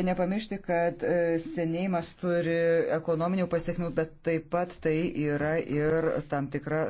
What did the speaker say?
Nepamiršti, kad e, senėjimas turi ekonominių pasiekmių, bet taip pat tai yra ir tam tikra